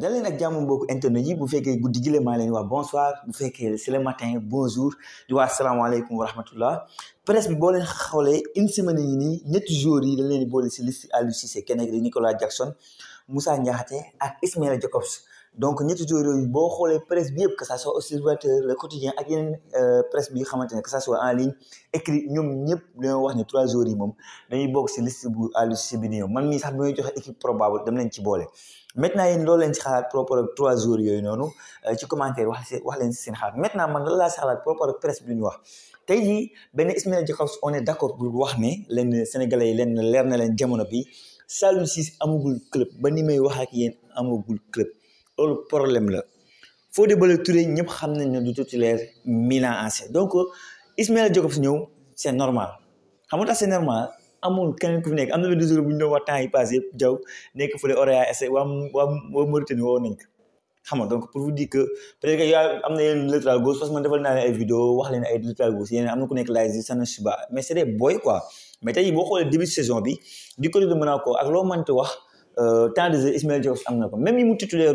daleen ak jàmm vous internet yi bu bonsoir bu c'est le matin bonjour di wa rahmatullah presse bi une semaine yi nii jours yi dañ de bolé ci liste Nicolas Jackson Moussa Nyahate ak Ismail Jacobs donc ñetti joueurs yooyu boo xoolee presse bi yëpp que ça soit Observateur le quotidien ak yeneen euh, presse bi nga xamante ne que ça soit en ligne écrit ñoom ñëpp dañoo wax ne trois jours yi moom dañuy bokk si liste bu Aliou Cissé bi nii man mii sax bi may joxe équipe probable dem leen ci boole. maintenant yéen loolu leen ci xalaat par rapport trois jours yooyu noonu euh, ci commentaire wax wax leen si seen xalaat maintenant man lan laa si xalaat par presse bi ñu wax tey jii benn Ismaïla Jakobs on est d' accord pour wax ne leen Sénégalais yi leen leer na leen jamono bi Saliou Ciss amagul club ba ni may wax ak yéen amagul club loolu problème la Fodé Ballo-Touré ñëpp xam nañ ne du titulaire ans AC donc ismaël Jakobs ñëw c' est normal xam nga c' est normal amul keneen ku fi nekk am na benn jour bu ñu doon wax temps yi passé yëpp jaw nekk fële Orea AC waa waa waa Mauritanie woo nañ ko xam nga donc pour vous dire que peut-être que yaa am na yenn latéral gauche parce que man defal naa leen ay vidéo wax leen ay latéral gauche yeneen am na ku nekk Leipzig Sanasiba mais c' est des boy quoi mais tey boo xoolee début saison bi du côté de Monaco ak loo mënti wax euh, temps de jeu ismaël Jakobs am na ko même yi mu titulaire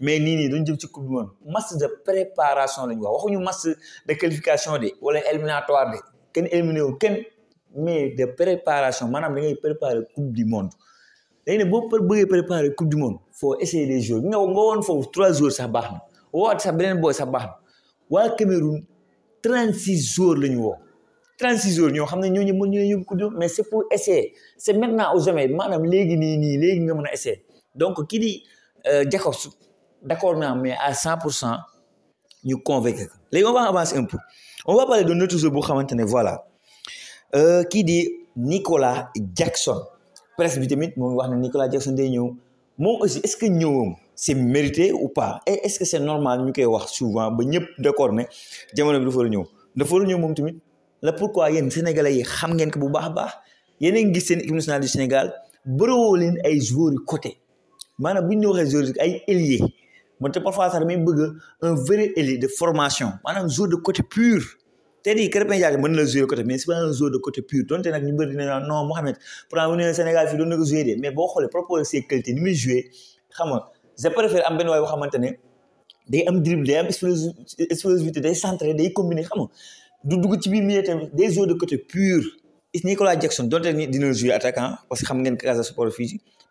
mais ni ni dañu jëm ci coupe du monde match de préparation la ñu wax waxuñu match de qualification de wala éliminatoire de ken éliminé wu mais de préparation manam da ngay préparer coupe du monde léegi ne boo bëggee préparer coupe du monde faut essayer les jours nga nga woon foofu trois jours sax baax na woowaat sax beneen booy sax baax na waa Cameroun 36 jours la ñu woo jours ñoo xam ñoo ñu mëna ñu coupe du mais c'est pour essayer c'est maintenant ou jamais manam légui ni ni légui nga mëna essayer donc ki di euh, Jacobs d'accord mais à 100 nous ñu convaincre Les on va avancer un peu on va parler de notre joueur bu xamante ne voilà Qui euh, dit Nicolas Jackson presse bi tamit wax Nicolas Jackson day nous. moom aussi est-ce que nous c'est mérité ou pas et est-ce que c'est normal ñu koy wax souvent ba ñëpp d'accord ne jamono bi dafa war a ñëw dafa war a ñëw moom tamit la pourquoi yéen sénégalais yi xam ngeen Sénégalais. bu baax a baax yéen a ngi qui seen équipe nationale du Sénégal bëriwoo leen ay joueurs côté maanaam bu ñu waxee joueurs ay ailier man te parfois sax damay bëgg un vrai élite de formation maanaam joueur de côté pur tey jii Krépin Diatta mën na la jouer côté mais c'est pas un joueur de côté pur donte nag ñu bëri dina naan non Mohamed pourtant bu ñu nee Sénégal fii doon na ko jouer de mais boo xoolee proposé ses qualités ni muy jouer xam nga je préfère am benn waay boo xamante ne day am dribble day am explosivité day centré day combiné xam nga du dugg ci biir milieu tamit des joueurs de côté pur Nicolas Jackson donte ni dina jouer attaquant parce que xam ngeen Casa Sport fii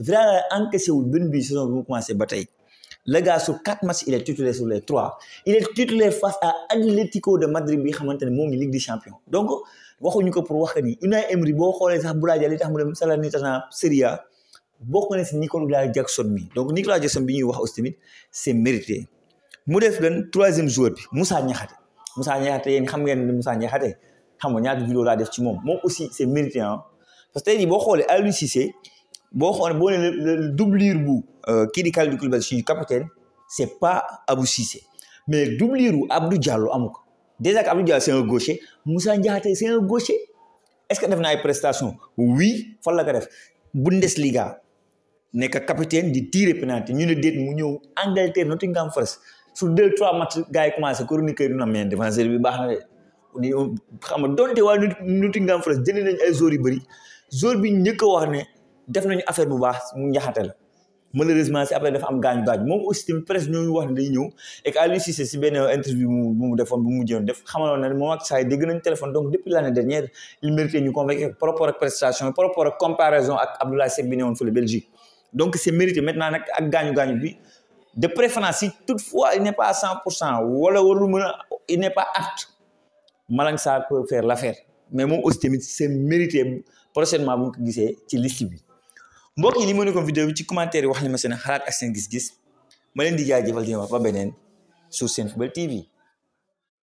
Villarreal encaissé wul benn but saison bi mu commencé ba le gars sur quatre matchs il est titulaire sur les trois il est titulaire face à Atlético de Madrid bi nga xamante ne moo ngi Ligue des Champions donc waxuñu ko pour wax ni Unai Emery boo xoolee sax Boulaye li tax mu dem Salernitana Serie A bokk na si Nicolas Jackson mi donc Nicolas Jackson bi ñuy wax aussi tamit c'est mérité mu def leen troisième joueur bi Moussa Niakhaté Moussa Niakhaté yéen xam ngeen ne Moussa Niakhaté xam nga ñaata vidéo laa def ci moom moom aussi c'est mérité ah parce que tey jii boo xoolee Aliou Cissé Bon, on le le bu qui euh, di de capitaine c'est pas Abou mais Abdou Diallo déjà Diallo c'est un gaucher Moussa un gaucher est-ce qu'il a fait une prestation oui la Bundesliga le capitaine di tirer penalty Angleterre Nottingham Forest sur deux trois matchs gars yi commencé chroniqueur na on défenseur bi donte Nottingham Forest def nañu affaire bu baax mu njaxate la malheureusement si après dafa am gaañu gaañu moom aussi tamit presse ñu wax ni ñëw et que lui aussi, si benn interview bu mu defoon bu mu mujjoon def xamaloon na moom ak saa dégg téléphone donc depuis l'année dernière il mérite ñu convaincre par rapport ak prestation par rapport ak comparaison ak Abdoulaye Seck bi newoon fële Belgique donc c'est est mérité maintenant nag ak gaañu gaañu bi de préférence si toutefois il n'est pas à 100%, pour cent wala warul il n'est est pas apte Malang Sarr peut faire l'affaire. mais moom aussi tamit c' est mérité prochainement bu ñu ko gisee ci liste bi mbokk yi li mu ko vidéo bi ci commentaire yi wax li ma seen xalaat ak seen gis-gis ma leen di jaajëfal di wax ba beneen sur Senfootball TV